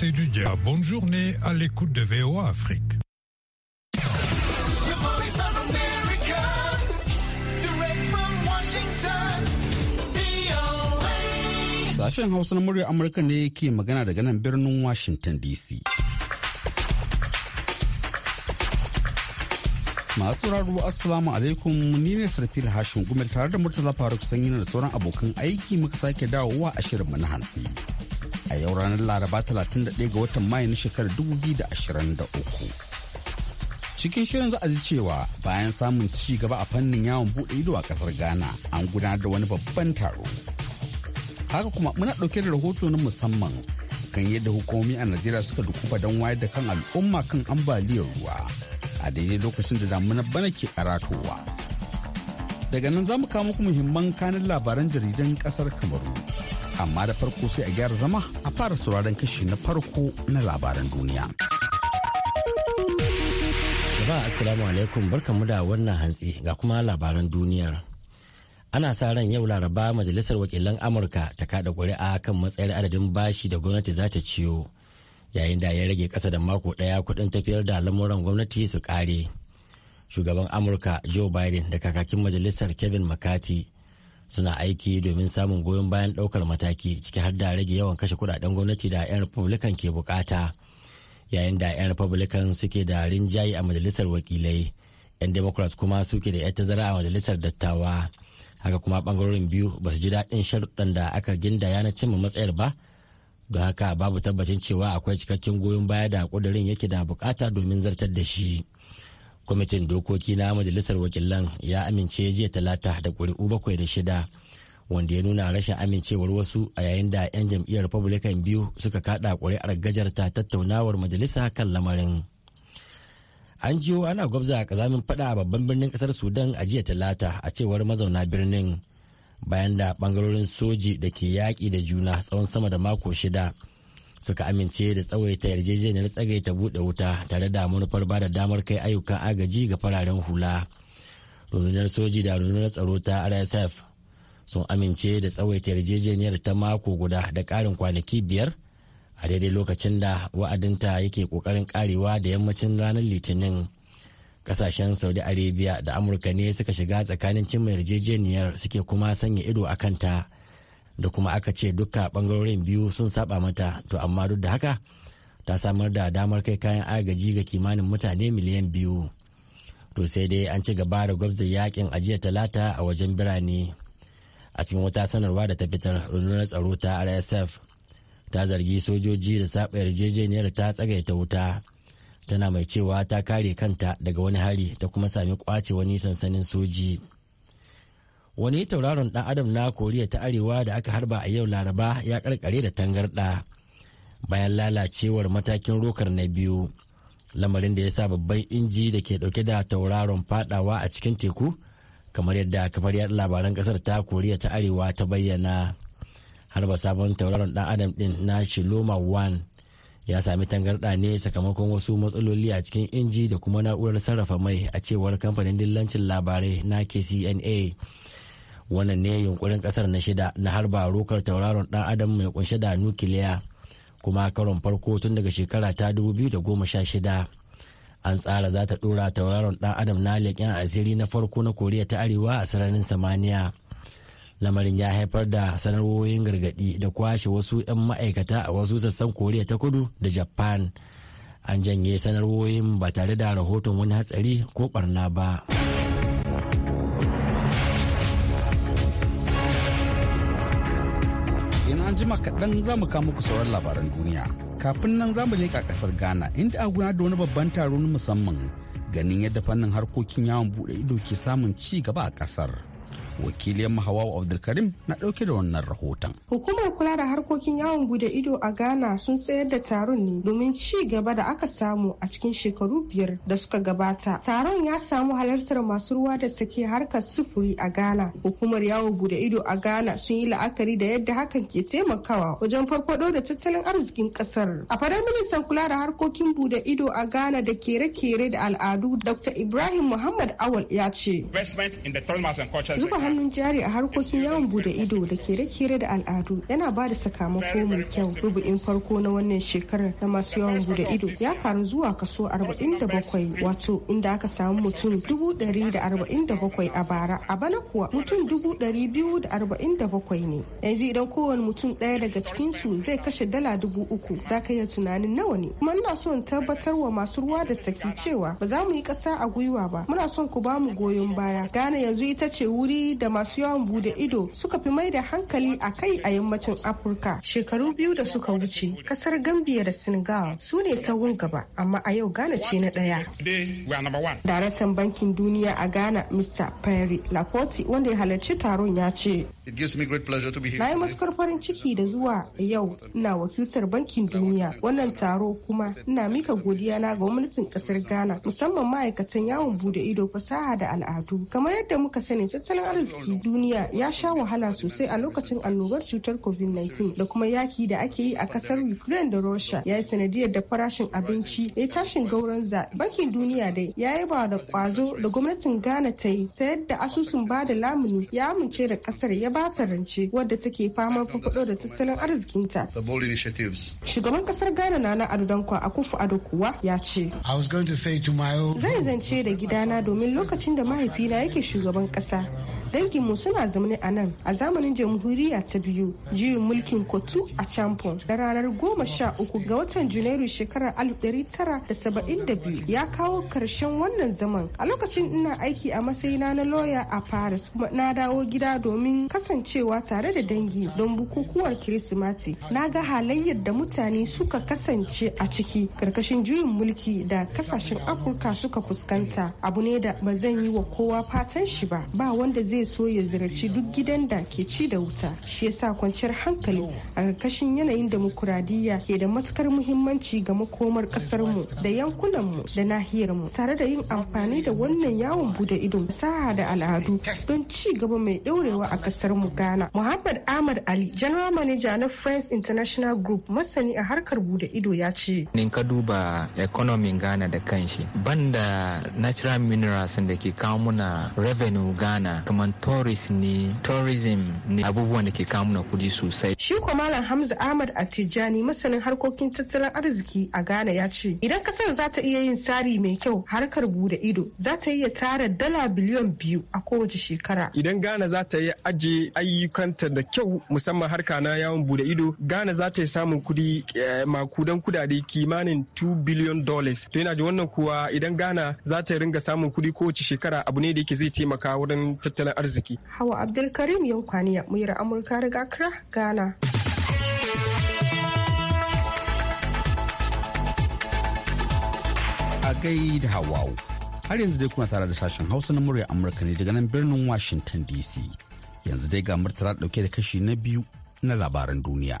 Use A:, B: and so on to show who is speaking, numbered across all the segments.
A: c'est du dia. Bonne journée à l'écoute de VOA Afrique. Sashen Hausa na murya Amurka ne ke magana daga nan birnin Washington DC. Masu raro Assalamu alaikum ni ne Sarfil Hashin Gumel tare da Murtala Faruk Sanyi da sauran abokan aiki muka sake dawowa a shirin na hantsi. a yau ranar laraba 31 ga watan mayu na shekarar 2023 cikin shirin za a ji cewa bayan samun ci gaba a fannin yawon bude ido a kasar ghana an gudanar da wani babban taro haka kuma muna ɗauke da rahoto na musamman kan yadda hukumomi a najeriya suka dukufa don wayar da kan al'umma kan ambaliyar ruwa a daidai lokacin da damunar bana ke karatowa daga nan za mu kawo muku muhimman kanin labaran jaridan kasar kamaru amma da farko sai a gyara zama a fara sauraron kashi na farko na labaran duniya jama'a assalamu
B: alaikum barkanmu da wannan hantsi ga kuma labaran duniyar ana sa ran yau laraba majalisar wakilan amurka ta kada kuri'a kan matsayar adadin bashi da gwamnati za ta ciyo yayin da ya rage kasa da mako daya kudin tafiyar da lamuran gwamnati su kare shugaban amurka joe biden da kakakin majalisar kevin mccarthy suna aiki domin samun goyon bayan daukar mataki ciki har da rage yawan kashe kudaden gwamnati da 'yan republican ke bukata yayin da 'yan republican suke da rinjaye a majalisar wakilai 'yan democrat kuma suke da 'yan tazara a majalisar dattawa haka kuma bangarorin biyu ba su ji daɗin sharuɗan da aka gindaya na cimma matsayar ba don haka babu tabbacin cewa akwai cikakken goyon baya da ƙudurin yake da bukata domin zartar da shi. kwamitin dokoki na majalisar wakilan ya amince jiya talata da ƙuri'u bakwai da shida wanda ya nuna rashin amincewar wasu a yayin da 'yan jam'iyyar republican biyu suka kada ƙuri'ar gajarta tattaunawar majalisa kan lamarin an jiyo ana gwabza a kazamin fada a babban birnin ƙasar sudan a jiya talata a cewar mazauna birnin bayan da bangarorin soji da ke yaƙi da juna tsawon sama da mako shida suka amince da tsawaita yarjejeniyar tsagaita buɗe wuta tare da manufar ba da damar kai ayyukan agaji ga fararen hula rundunar soji da rundunar tsaro ta rsf sun amince da tsawaita yarjejeniyar ta mako guda da ƙarin kwanaki biyar a daidai lokacin da wa'adinta yake ƙoƙarin ƙarewa da yammacin ranar litinin kasashen saudi arabia da amurka ne suka shiga tsakanin cimma yarjejeniyar suke kuma sanya ido a kanta da kuma aka ce duka bangarorin biyu sun saba mata to amma duk da haka ta samar da damar kai kayan agaji ga kimanin mutane miliyan biyu to sai dai an ci gaba da gwabza yakin ajiya talata a wajen birane a cikin wata sanarwa da ta fitar rundunar tsaro ta rsf ta zargi sojoji da saba yarjejeniyar ta tsagaita wuta tana mai cewa ta kare kanta daga wani hari ta kuma sami kwace wani sansanin soji. wani tauraron dan adam na koriya ta arewa da aka harba a yau laraba ya karkare da tangarda bayan lalacewar matakin rokar na biyu lamarin da ya sa babban inji da ke dauke da tauraron fadawa a cikin teku kamar yadda kamar yadda labaran kasar ta koriya ta arewa ta bayyana harba sabon tauraron dan adam din na shiloma 1 ya sami tangarɗa ne sakamakon wasu matsaloli a cikin inji da kuma na'urar sarrafa mai a cewar kamfanin dillancin labarai na kcna wannan ne yunkurin kasar na shida na harba rokar tauraron dan adam mai kunshe da nukiliya kuma karon farko tun daga shekara ta 2016 an tsara za ta dora tauraron dan adam na leƙen asiri na farko na koriya ta arewa a sararin samaniya lamarin ya haifar da sanarwoyin gargadi da kwashe wasu 'yan ma'aikata a wasu sassan koriya ta kudu da japan an janye sanarwoyin ba tare da rahoton wani hatsari ko barna
A: ba. jima kaɗan za mu kawo muku sauran labaran duniya. Kafin nan za mu leƙa ƙasar Ghana inda a gudanar da wani babban taro na musamman ganin yadda fannin harkokin yawon buɗe ido ke samun ci gaba a ƙasar. wakiliyar Hawawa Abdulkarim na ɗauke da wannan rahoton.
C: Hukumar kula da harkokin yawon bude ido a Ghana sun tsayar da taron ne domin ci gaba da aka samu a cikin shekaru biyar da suka gabata. Taron ya samu halartar masu ruwa da sake harkar sufuri a Ghana. Hukumar yawon bude ido a Ghana sun yi la'akari da yadda hakan ke taimakawa wajen farfado da tattalin arzikin kasar. A fadar ministan kula da harkokin bude ido a Ghana da kere-kere da al'adu Dr. Ibrahim Muhammad Awal ya ce. Zuba hannun jari a harkokin yawon bude ido da kere-kere da al'adu yana ba da sakamako mai kyau rubu'in farko na wannan shekarar na masu yawon bude ido ya karu zuwa kaso 47 wato inda aka samu mutum 147 a bara a bana kuwa mutum 247 ne yanzu idan kowane mutum ɗaya daga cikin su zai kashe dala dubu uku za ka iya tunanin nawa ne kuma ina son tabbatar wa masu ruwa da saki cewa ba za mu yi kasa a gwiwa ba muna son ku ba mu goyon baya gane yanzu ita ce wuri da masu yawon bude ido suka fi mai da hankali a kai a yammacin Afirka. Shekaru biyu da suka wuce, kasar Gambia da Senegal su ne saurin gaba, amma a yau Ghana ce na ɗaya. daratan Bankin Duniya a Ghana, Mr. Perry Laporte, wanda ya halarci taron ya ce.
D: Na yi
C: matukar farin ciki da zuwa yau ina wakiltar Bankin Duniya wannan taro kuma ina mika godiya na ga gwamnatin kasar Ghana musamman ma'aikatan yawon bude ido fasaha da al'adu kamar yadda muka sani tattalin arziki duniya ya sha wahala sosai a lokacin annobar cutar covid-19 da kuma yaki da ake yi a kasar ukraine da russia ya yi sanadiyar da farashin abinci ya tashin gauran za bankin duniya dai ya yi ba da kwazo da gwamnatin ghana ta yi ta yadda asusun ba da lamuni ya amince da kasar ya ba ta rance wadda take famar farfado da tattalin arzikinta shugaban kasar ghana nana ado a kufu ado kuwa ya ce zai zance da gidana domin lokacin da mahaifina yake shugaban kasa danginmu suna zaune a nan a zamanin jamhuriya ta biyu juyin mulkin kotu a champon da ranar goma sha uku ga watan junairu shekarar alif ɗari tara da saba'in da biyu ya kawo karshen wannan zaman a lokacin ina aiki a matsayina na lawyer a paris kuma na dawo gida domin kasancewa tare da dangi don bukukuwar kirsimati na ga halayyar da mutane suka kasance a ciki karkashin juyin mulki da kasashen afirka suka fuskanta abu ne da ba zan yi wa kowa fatan shi ba ba wanda zai zai so ya ziyarci duk gidan da ke ci da wuta shi yasa kwanciyar hankali a ƙarƙashin yanayin dimokuradiyya ke da matukar muhimmanci ga makomar mu da yankunanmu da nahiyar mu tare da yin amfani da wannan yawon bude ido fasaha da al'adu don ci gaba mai ɗorewa a mu ghana muhammad ahmad ali general manager na france international group masani a harkar bude ido ya
E: ce nin ka duba economy ghana da kanshi banda natural minerals da ke kawo muna revenue ghana kamar kaman tourism ne tourism ne abubuwan da ke kawo na kuɗi sosai shi
C: ko malam hamza ahmad atijani masanin harkokin tattalin arziki a ghana ya ce idan kasar za ta iya yin tsari mai kyau harkar bude ido za ta iya tara dala biliyon biyu a kowace shekara
A: idan ghana za ta yi aje ayyukanta da kyau musamman harka na yawon bude ido ghana za ta yi samun kudi eh, makudan kudade kimanin 2 billion dollars to yana ji wannan kuwa idan ghana za ta ringa samun kudi kowace shekara abu ne da yake zai taimaka wurin tattalin arziki.
C: Hawa Abdulkarim Yankwaniya, muyar Amurka daga Accra, Ghana.
A: A gai da Hawawu. Har yanzu dai kuna tare da sashen Hausa na murya Amurka ne daga nan birnin Washington DC. Yanzu dai ga murtala dauke da kashi na biyu na labaran duniya.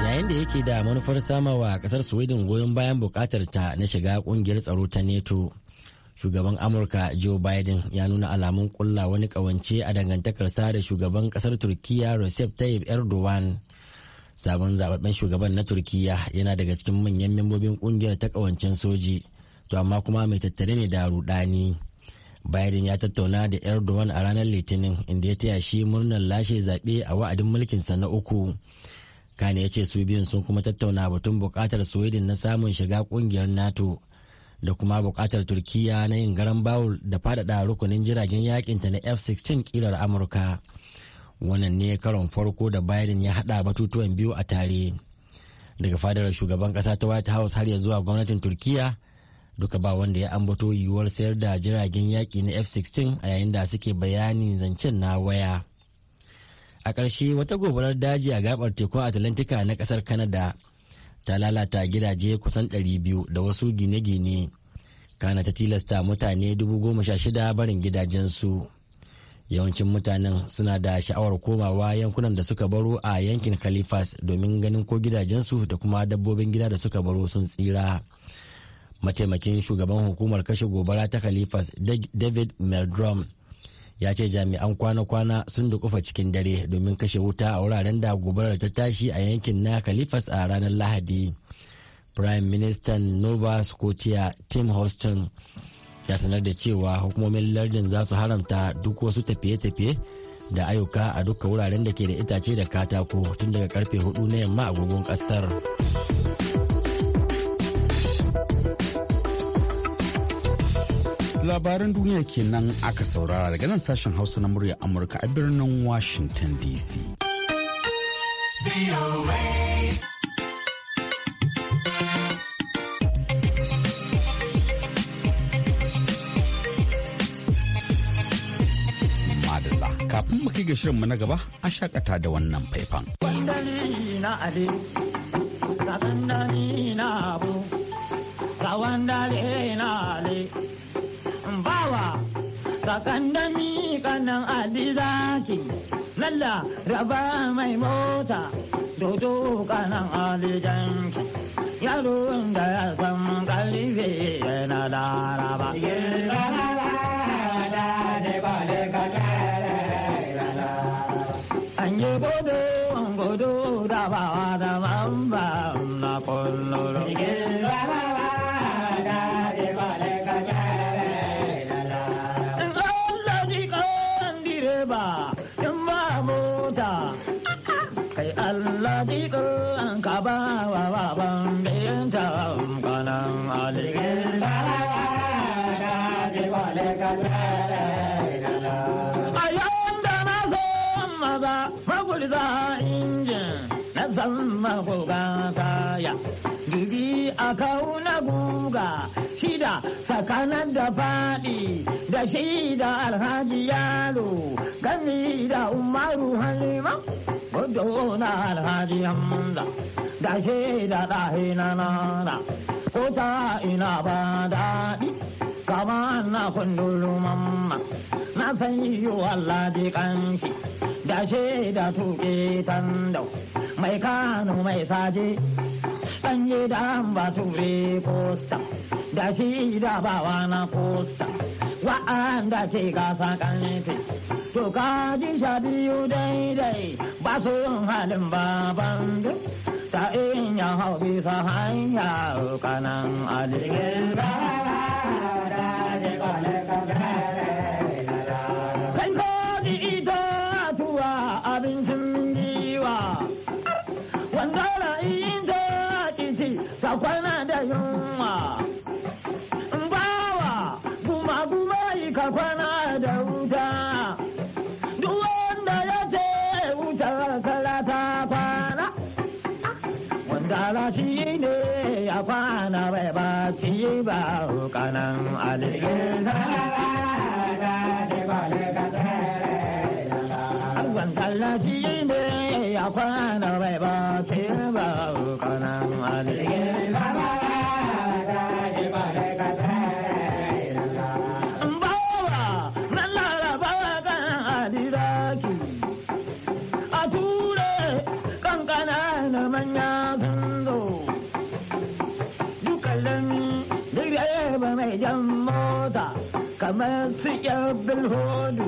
B: yayin da yake da manufar samawa kasar sweden goyon bayan bukatar ta na shiga kungiyar tsaro ta neto shugaban amurka joe biden ya nuna alamun kulla wani kawance a dangantakarsa da shugaban kasar turkiya recep tayyip erdogan sabon zababben shugaban na turkiya yana daga cikin manyan membobin kungiyar ta kawancen soji to amma kuma mai tattare ne da rudani biden ya tattauna da erdogan a ranar litinin inda ya taya shi murnar lashe zaɓe a wa'adin mulkinsa na uku kane ya ce su biyun sun kuma tattauna batun buƙatar sweden na samun shiga ƙungiyar nato da kuma buƙatar turkiya na yin garan bawul da faɗaɗa rukunin jiragen ta na f-16 ƙirar amurka wannan ne karon farko da biden ya haɗa batutuwan biyu a tare daga fadar shugaban ƙasa ta white house har ya zuwa gwamnatin turkiya duka ba wanda ya ambato yiwuwar sayar da jiragen yaƙi na f-16 a yayin da suke bayanin zancen na waya a ƙarshe wata gobarar daji a gabar tekun atlantika na ƙasar Kanada. ta lalata gidaje kusan 200 da wasu gine-gine kana ta tilasta mutane 16,000 barin gidajensu yawancin mutanen suna da sha'awar komawa yankunan da suka baro a yankin khalifas domin ganin ko gidajensu da kuma dabbobin gida da suka baro sun tsira mataimakin shugaban hukumar kashe gobara ta khalifas david meldrum ya ce jami'an kwana-kwana sun dukufa cikin dare domin kashe wuta a wuraren da gobarar ta tashi a yankin na Khalifas a ranar Lahadi. Prime Minister Nova Scotia Tim Houston ya sanar da cewa hukumomin lardin za su haramta duk wasu tafiye-tafiye da ayyuka a duka wuraren da ke da itace da katako tun daga karfe hudu na yamma agogon
A: kasar. labaran duniya kenan aka saurara daga nan sashen hausa na murya amurka a birnin washington dc kafin kai ga shirinmu na gaba a shakata da wannan faifan.
F: na na abu, na ale. bawa ka da mi kanan ali zaki lalla raba mai mota dodo kanan alijan ki yaro da ya san kalife yana laraba an yi godo godo da ba da na kullum Sadiqa an ka ba wa wa ban binta kanan aligin. A yawan da na zo maza magulza injin na zama kogata ya. Dubi a na guga shida tsakanin da faɗi da shida alhaji yalo gami da umaru halima. gudu na alhaji hamza da shi da ɗahi na nana ko ta ina ba daɗi kama na kundulu mamma na san yiwu Allah ji kanshi da shi da tuƙe tandau mai kano mai saje sanye yi da ba ture posta da shi da bawa na posta da ke gasa kanfe to ka ji sha biyu daidai ba su yin halin baban duk ta in ya hau bisa hanya kanan ba Abincin ya kwana bai ba ci ba kanan alirgin Abban shi ne ya kwana bai ba ba kanan kamar su yan bilhodu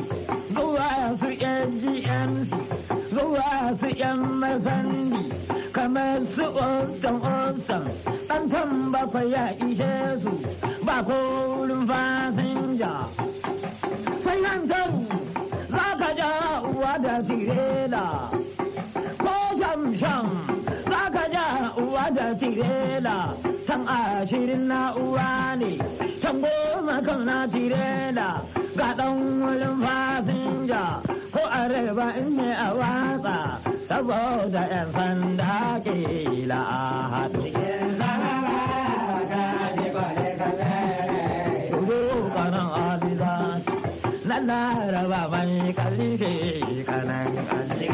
F: zuwa su yan gmc zuwa su yan masandi kamar su ostan ostan ɗantan bakwai ya ishe su ba korin fasinja sai hankaru za ka ja uwa da tirela. kan tirela san ashirin na uwa ne san goma kan na tirela ga ɗan wurin fasinja ko areba in ne a watsa saboda 'yan sanda ke la'ahadu. na laraba mai kalli kanan kalli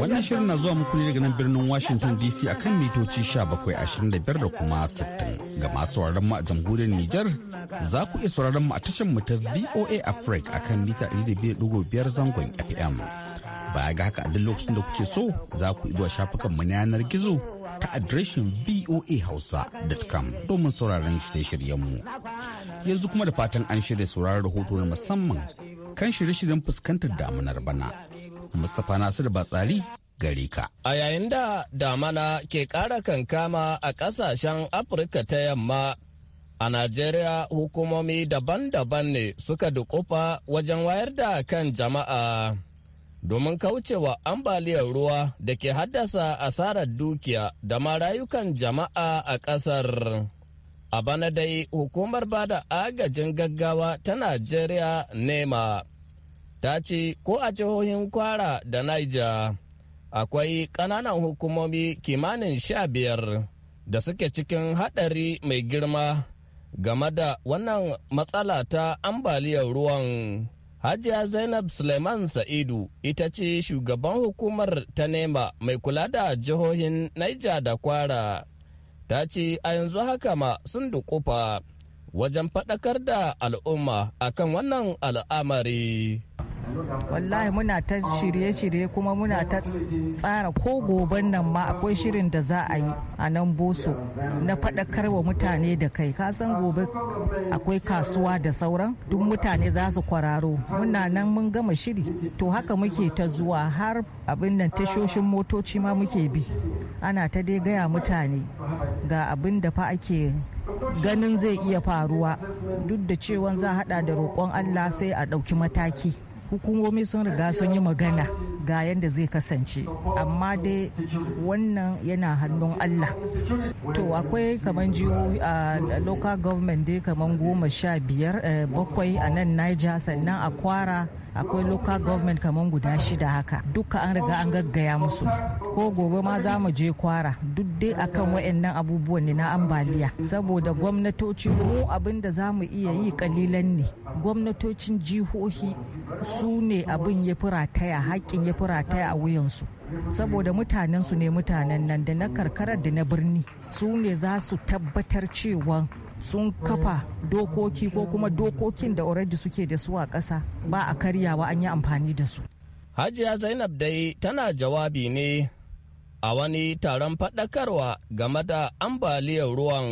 F: Wannan shirin na
A: zuwa muku ne daga nan birnin Washington DC a kan mitoci 1725 da kuma 60 ga masu sauraron mu a jamhuriyar Nijar. Za ku iya sauraron mu a tashar mu ta VOA Africa a kan mita 200.5 zangon FM. Baya ga haka a duk lokacin da kuke so za ku zuwa shafukan mu na yanar gizo ta adireshin hausa.com domin sauraron shirye-shiryenmu. Yanzu kuma da fatan an shirya sauraron rahoto na musamman
G: kan shirye-shiryen fuskantar damunar bana.
A: Mustapha Nasiru Batsari gare ka.
G: A yayin da damana ke ƙara kankama a ƙasashen Afirka ta yamma, a Najeriya hukumomi daban-daban ne suka dukufa wajen wayar da kan jama'a. Domin kaucewa ambaliyar ruwa da ke haddasa asarar dukiya da ma rayukan jama'a a ƙasar. A bana dai hukumar bada agajin gaggawa ta Najeriya nema ta ce ko a jihohin kwara da Niger akwai ƙananan hukumomi kimanin sha biyar da suke cikin haɗari mai girma game da wannan matsala ta ambaliyar ruwan. Hajiya Zainab Suleiman Sa'idu ita ce shugaban hukumar ta nema mai kula da jihohin Niger da Kwara. ta ce a yanzu haka ma sun dukufa wajen faɗakar da al'umma akan wannan al'amari.
E: wallahi muna ta shirye-shirye kuma muna ta tsara ko goben nan ma akwai shirin da za a yi a nan boso na faɗakar wa mutane da kai kasan gobe akwai kasuwa da sauran duk mutane za su kwararo muna nan mun gama shiri to haka muke ta zuwa har abin nan tashoshin motoci ma muke bi ana ta dai gaya mutane ga abin da fa ake ganin zai iya faruwa duk da cewa za a hada da roƙon allah sai a ɗauki mataki hukumomi sun riga sun yi magana ga yadda zai kasance amma dai wannan yana hannun allah to akwai kamar jiyo a local government dai kamar goma sha biyar eh, bakwai a nan niger sannan a kwara akwai local government kamar guda shida haka duka an riga an gaggaya musu ko gobe ma za mu je kwara duk dai akan wayannan abubuwan ne na ambaliya saboda gwamnatoci mu abin da za mu iya yi kalilan ne gwamnatocin jihohi su ne abin ya fi rataya haƙƙin ya fi rataya a wuyansu saboda mutanensu ne mutanen nan da na karkarar da na birni su ne za su tabbatar cewa sun kafa dokoki ko kuma dokokin da already suke da su a ƙasa ba a karyawa an yi amfani da su.
G: Hajiya Zainab dai tana jawabi ne a wani taron faɗakarwa game da ambaliyar ruwan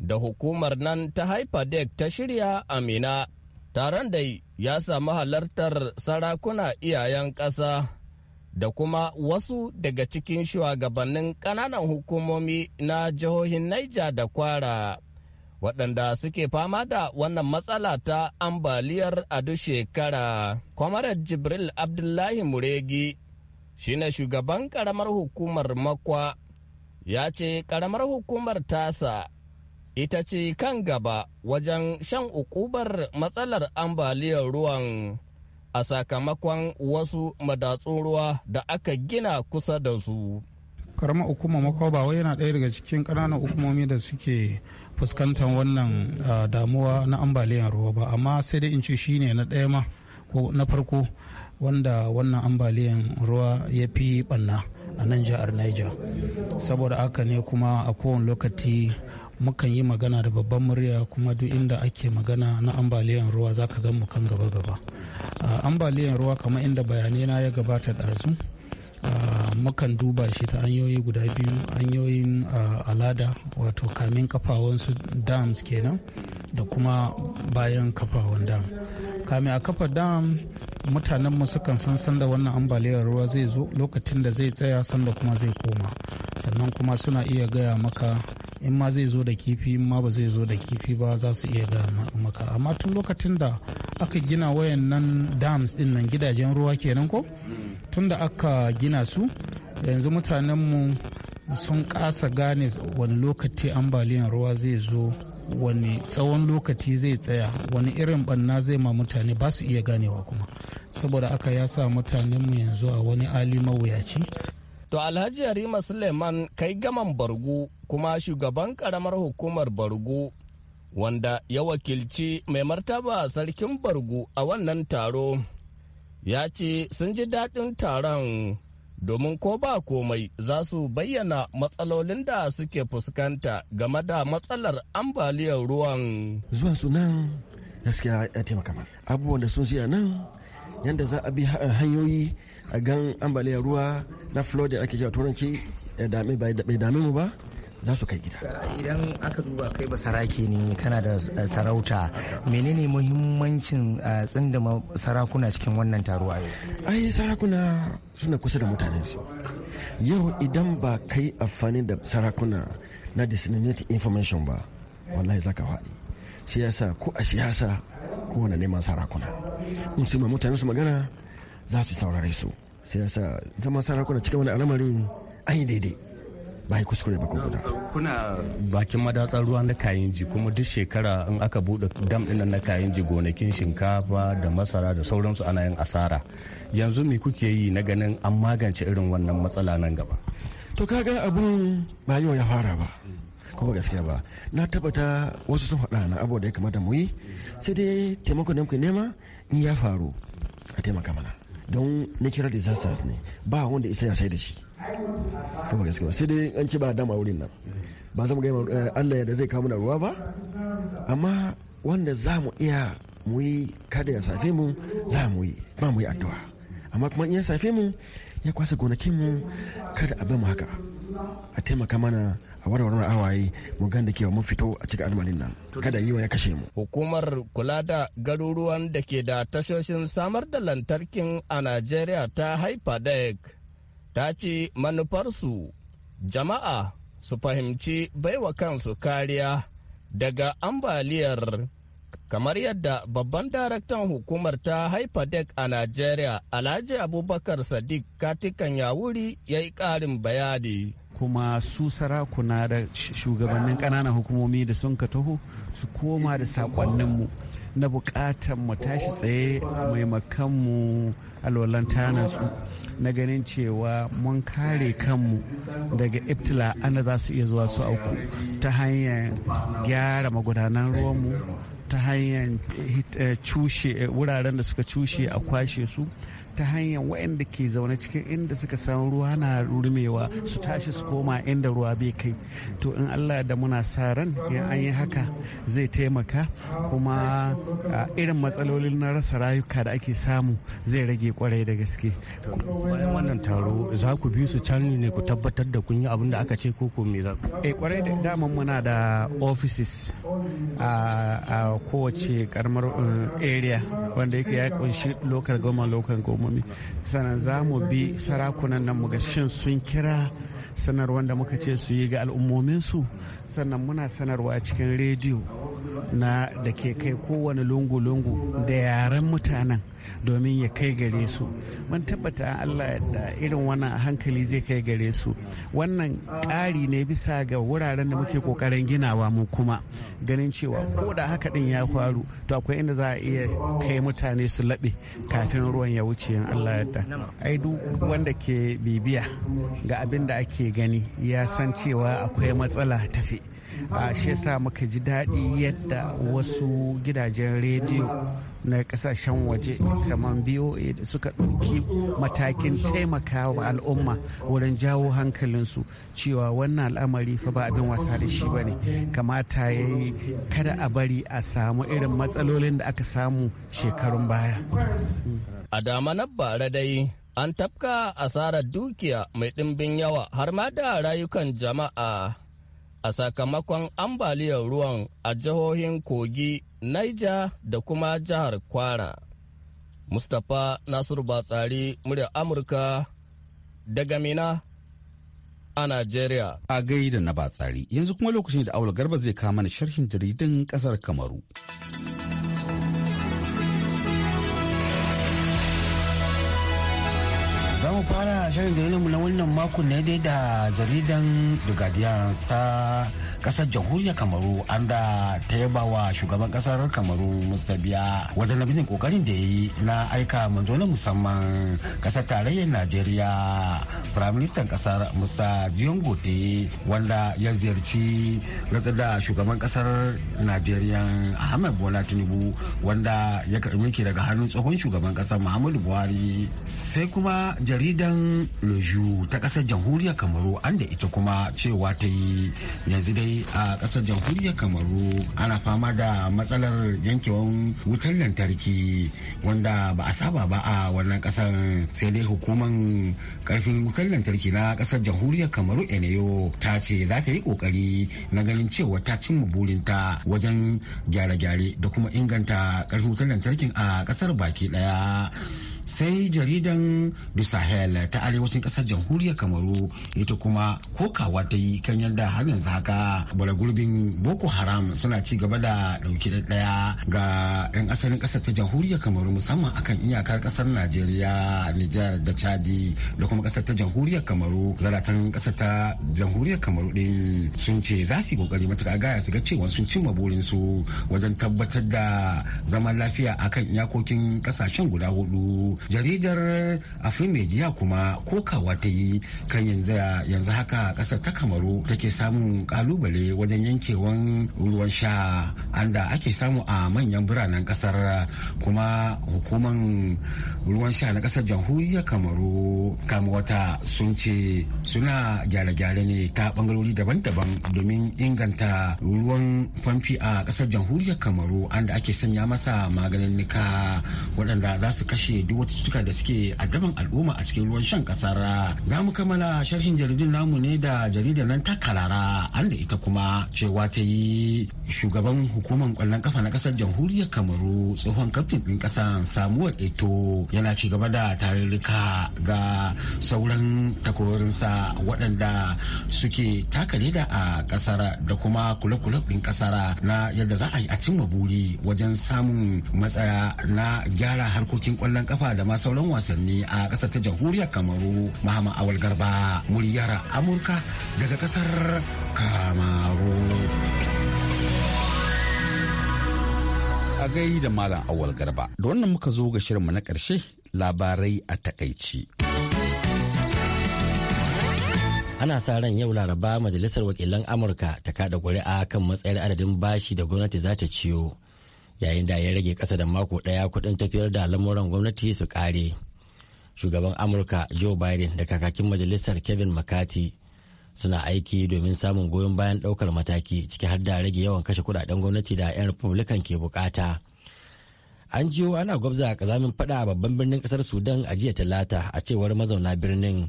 G: da hukumar nan ta haifadek ta shirya amina. Taron dai ya samu halartar sarakuna iyayen ƙasa. da kuma wasu daga cikin shugabannin ƙananan hukumomi na jihohin Niger da Kwara. waɗanda suke fama da wannan matsala ta ambaliyar a duk shekara. Kwamarar Jibril Abdullahi Muregi shi ne shugaban ƙaramar hukumar makwa ya ce ƙaramar hukumar tasa ita ce kan gaba wajen shan ukubar matsalar ambaliyar ruwan a sakamakon wasu madatsun ruwa da aka gina kusa da su.
H: karamar hukumar makwaba yana ɗaya daga cikin ƙananan hukumomi da suke fuskantar wannan damuwa na ambaliyar ruwa ba amma sai dai in ce shi ne na ɗaya ma ko na farko wanda wannan ambaliyar ruwa ya fi ɓanna a nan jihar niger saboda haka ne kuma a kowane lokaci mukan yi magana da babban murya kuma duk inda ake magana na ambaliyar ruwa za ka gan mu kan gaba-gaba ambaliyar ruwa kamar inda bayanai na ya gabata ɗazu Ah, mukan duba shi ta hanyoyi guda biyu hanyoyin ah, alada wato kamin kafawansu dams kenan da kuma bayan kafawan dam kamin a kafa dam mutanenmu sukan san sanda wannan ambaliyar ruwa zai zo lokacin da zai tsaya sanda kuma zai koma sannan kuma suna iya gaya maka in ma zai zo da kifi in ma ba zai zo da kifi ba za su iya gaya maka amma tun lokacin da aka gina wayan nan dams din nan gidajen ruwa kenan ko tunda aka gina su yanzu mutanenmu sun kasa gane wani lokaci ambaliyan ruwa zai zo wani tsawon lokaci zai tsaya wani irin banna zai ma mutane ba su iya ganewa kuma saboda aka ya sa mutanenmu yanzu a wani ali mawuyaci
G: To Alhaji Harima Suleiman kai gaman Bargu kuma shugaban karamar hukumar Bargu wanda ya wakilci mai martaba sarkin bargu a wannan taro ya ce sun ji daɗin taron domin ko ba komai za su bayyana matsalolin da suke fuskanta game da matsalar ambaliyar ruwan zuwa sunan gaskiya ya taimaka ma abubuwan da sun siya
I: nan yadda za a bi eh, hanyoyi a gan ambaliyar ruwa na flood da ake cewa turanci eh, bai dame mu ba za su kai gida idan aka duba kai
J: ba saraki ne kana da eh, sarauta menene muhimmancin eh, tsinda
I: sarakuna cikin wannan taro a yau ai sarakuna suna kusa da mutanen su yau idan ba kai amfani da sarakuna na disseminated information ba wallahi zaka faɗi siyasa ko a siyasa ko wani neman sarakuna in su ma mutane su magana za su saurare su siyasa zama sarakuna cikin wani al'amarin an yi daidai ba kuskure
G: ba guda kuna bakin madatsar ruwa na kayan ji kuma duk shekara in aka bude dam din na kayan ji gonakin shinkafa da masara da sauransu ana yin asara yanzu me kuke yi na ganin an magance irin wannan matsala nan gaba to kaga abun ba yau ya fara ba kuma gaskiya ba na
I: tabbata wasu sun faɗa na abu da ya kamata mu yi sai dai taimakon da muke nema in ya faru a taimaka mana don natural disasters ne ba wanda isa ya sai da shi kuma gaskiya sai dai an ci ba dama wurin nan ba zama gaima eh, Allah da zai kawo ruwa ba amma wanda za mu iya mu yi kada ya safe mu za mu yi ba mu yi addu'a amma kuma ya safe mu ya kwasa gonakin mu kada a mu haka a taimaka mana a awaye mu ganda kewa mun fito a cikin nan
G: kada yiwa ya kashe mu hukumar kula da garuruwan da ke da tashoshin samar da lantarkin a Najeriya ta Hyperdeck ta ce manufarsu jama'a su fahimci baiwa kansu kariya daga ambaliyar kamar yadda babban daraktan hukumar ta haifadek a Najeriya Alhaji Abubakar Sadiq Katikan Yawuri ya yi ƙarin bayani.
D: kuma su sarakuna da shugabannin ƙananan hukumomi da sun ka taho su koma da saƙonninmu na buƙatar mu tashi tsaye maimakon mu alwalanta na na ganin cewa mun kare kanmu daga iftila ana za su iya zuwa su auku ta hanyar gyara magudanan ruwanmu ta hanyar eh, eh, wuraren da suka cushe a kwashe su ta hanyar waɗanda ke zaune cikin inda suka san ruwa na rumewa su tashi su koma inda ruwa bai kai to in allah da muna sa ran in an yi haka zai taimaka kuma irin matsalolin na rasa rayuka da ake samu zai rage kwarai da gaske bayan wannan taro za ku bi su can ne ku tabbatar da kun yi abin da aka ce ko ko me za ku eh kwarai da daman muna da offices a kowace karamar um, area wanda yake ya kunshi local goma local goma al'ummomi sannan za mu bi sarakunan nan mu ga shin sun kira sanarwar da muka ce su yi ga al'ummominsu sannan muna sanarwa cikin rediyo na da ke kai kowane lungu-lungu da yaren mutanen domin ya kai gare su mun tabbata allah da irin wannan hankali zai kai gare su wannan ƙari ne bisa ga wuraren da muke kokarin ginawa mu kuma ganin cewa ko da haka din ya faru to akwai inda za a iya kai mutane su laɓe kafin ruwan ya wuce in allah yadda ai duk wanda ke bibiya ga abin da ake gani ya san cewa akwai matsala tafi shi yasa muka ji daɗi yadda wasu gidajen rediyo na kasashen waje kamar biyu da suka ɗauki matakin taimakawa al'umma wurin jawo hankalinsu cewa wannan al'amari fa ba abin wasa da shi ba ne kamata ya yi kada a bari a samu irin matsalolin da aka samu shekarun baya
G: a na bara dai an tafka asarar dukiya mai ɗimbin yawa har ma da rayukan jama'a a sakamakon ambaliyar ruwan a jihohin Kogi, naija da kuma jihar Kwara. Mustapha Nasiru Batsari, murya Amurka daga Mina a Najeriya.
A: A gaida na Batsari, yanzu kuma lokacin da Aula Garba zai kama na sharhin jaridun kasar Kamaru. fara shirin jaridarmu na wannan makon
J: ne dai da jaridan The Guardian ta kasar jamhuriyar Kamaru an da ta yaba wa shugaban kasar Kamaru Musta Biya wajen namijin kokarin da ya yi na aika manzo na musamman kasar tarayyar Najeriya Firaministan kasar Musa Dion Gote wanda ya ziyarci rata da shugaban kasar Najeriya Ahmed Bola Tinubu wanda ya karbi mulki daga hannun tsohon shugaban kasar Muhammadu Buhari sai kuma jaridan. jaridan loju ta kasar jamhuriyar Kamaru an da ita kuma cewa ta yi yanzu dai a kasar jamhuriyar Kamaru ana fama da matsalar yankewan wutar lantarki wanda ba a saba ba a wannan kasar sai dai hukumar karfin wutar lantarki na kasar jamhuriyar Kamaru eneo ta ce za ta yi kokari na ganin cewa ta cimma burinta wajen gyare-gyare da kuma inganta karfin wutar lantarki a kasar baki daya. sai jaridan du sahel ta arewacin kasar jamhuriyar kamaru ita kuma kokawa ta yi kan yadda har yanzu haka bala gurbin boko haram suna ci gaba da dauki da daya ga yan asalin kasar ta jamhuriyar kamaru musamman akan iyakar kasar najeriya nijar da chadi da kuma kasar ta jamhuriyar kamaru zaratan kasar ta jamhuriyar kamaru din sun ce za su yi kokari matuka gaya su ga cewa sun cimma su wajen tabbatar da zaman lafiya akan iyakokin kasashen guda hudu jaridar jaridar eh, afrimedia kuma kokawa ta yi kan yanzu eh, haka kasar ta kamaru take samun kalubale wajen yankewan ruwan sha anda ake samu a manyan biranen kasar eh, kuma hukuman ruwan sha na kasar jamhuriyar kamaru kama wata sun ce suna gyare-gyare ne ta bangarori daban-daban domin inganta ruwan famfi a kasar jamhuriyar kamaru anda ake sanya masa maganin nika waɗanda za su kashe duk cututtuka da suke addaban al'umma a cikin ruwan shan kasar za mu kammala sharhin jaridun namu ne da jaridar nan ta karara an da ita kuma cewa ta yi shugaban hukumar kwallon kafa na kasar jamhuriyar kamaru tsohon kaftin ɗin ƙasar samuwar eto yana ci gaba da tarurruka ga sauran takwarorinsa waɗanda suke taka leda a ƙasar da kuma kula-kula ɗin ƙasar na yadda za a yi a cimma buri wajen samun matsaya na gyara harkokin kwallon kafa da ma sauran wasanni a ƙasar ta jamhuriyar kamaru mahama awal garba
A: muryar amurka daga ƙasar kamaru a gai da malam awal garba da wannan muka zo ga shirinmu na ƙarshe labarai a takaici.
B: ana sa ran yau laraba majalisar wakilan amurka ta kada kuri'a kan matsayar adadin bashi da gwamnati za ta ciyo yayin da ya rage kasa da mako daya kudin tafiyar da lamuran gwamnati su kare shugaban amurka joe biden da kakakin majalisar kevin mccarthy suna aiki domin samun goyon bayan daukar mataki ciki har da rage yawan kashe kudaden gwamnati da 'yan republican ke bukata an jiyo ana gwabza kazamin fada babban birnin kasar sudan a jiya talata a cewar mazauna birnin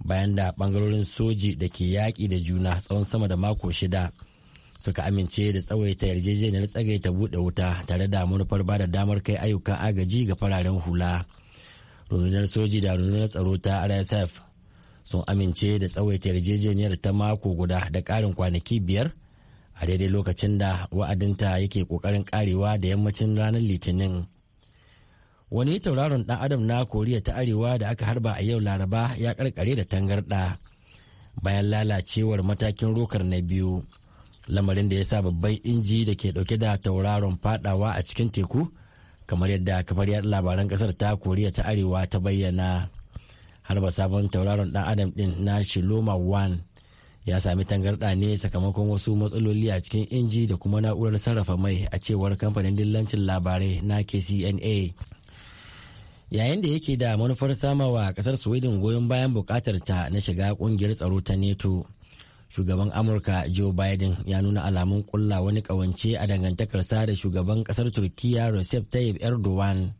B: bayan da bangarorin soji da ke yaki da juna tsawon sama da mako shida suka amince da tsawaita yarjejeniyar tsagaita buɗe wuta tare da manufar ba da damar kai ayyukan agaji ga fararen hula rundunar soji da rundunar tsaro ta rsf sun amince da tsawaita yarjejeniyar ta mako guda da ƙarin kwanaki biyar a daidai lokacin da wa'adinta yake ƙoƙarin ƙarewa da yammacin ranar litinin wani tauraron ɗan adam na koriya ta arewa da aka harba a yau laraba ya karkare da tangarɗa bayan lalacewar matakin rokar na biyu lamarin da ya sa babban inji da ke dauke da tauraron fadawa a cikin teku kamar yadda kafar yada labaran kasar ta koriya ta arewa ta bayyana harba sabon tauraron dan adam din na shiloma 1 ya sami tangarɗa ne sakamakon wasu matsaloli a cikin inji da kuma na'urar sarrafa mai a cewar kamfanin dillancin labarai na kcna yayin da yake da manufar samawa kasar sweden goyon bayan bukatar ta na shiga kungiyar tsaro ta neto shugaban amurka joe biden ya nuna alamun kulla wani kawance a dangantakarsa da shugaban kasar turkiya recep tayyip erdogan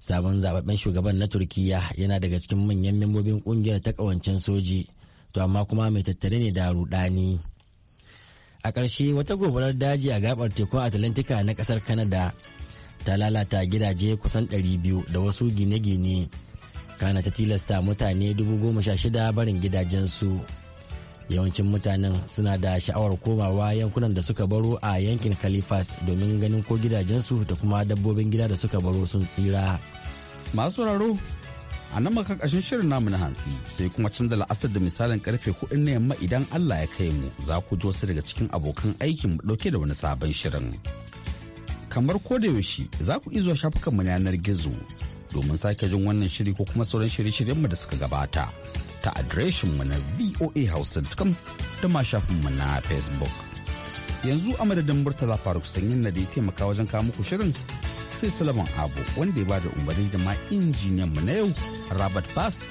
B: sabon zababben shugaban na turkiya yana daga cikin manyan membobin kungiyar ta kawancen soji to amma kuma mai tattare ne da rudani a ƙarshe wata gobarar daji a gabar tekun atlantika na ƙasar Kanada ta lalata gidaje kusan 200 da wasu gine-gine kana ta tilasta mutane 16,000 barin gidajensu. yawancin mutanen suna da sha'awar komawa yankunan da suka baro a yankin khalifas domin ganin ko gidajensu da kuma dabbobin gida da suka baro sun tsira
A: masu raro a nan maka shirin namu na hantsi sai kuma canza la'asar da misalin karfe kuɗin na yamma idan allah ya kai mu za ku ji wasu daga cikin abokan aikin mu ɗauke da wani sabon shirin kamar ko da yaushe za ku iya zuwa shafukanmu na yanar gizo domin sake jin wannan shiri ko kuma sauran shirye-shiryenmu da suka gabata ta adireshinmu na voahausa.com da ma shafinmu na facebook yanzu a madadin murtala faruk sanyin na da ya taimaka wajen kawo muku shirin sai salaman abu wanda ya bada umarni da ma injiniyan mu na yau robert bass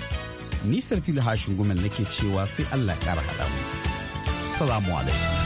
A: nisar fili hashin gumel nake cewa sai allah ya kara haɗa mu salamu alaikum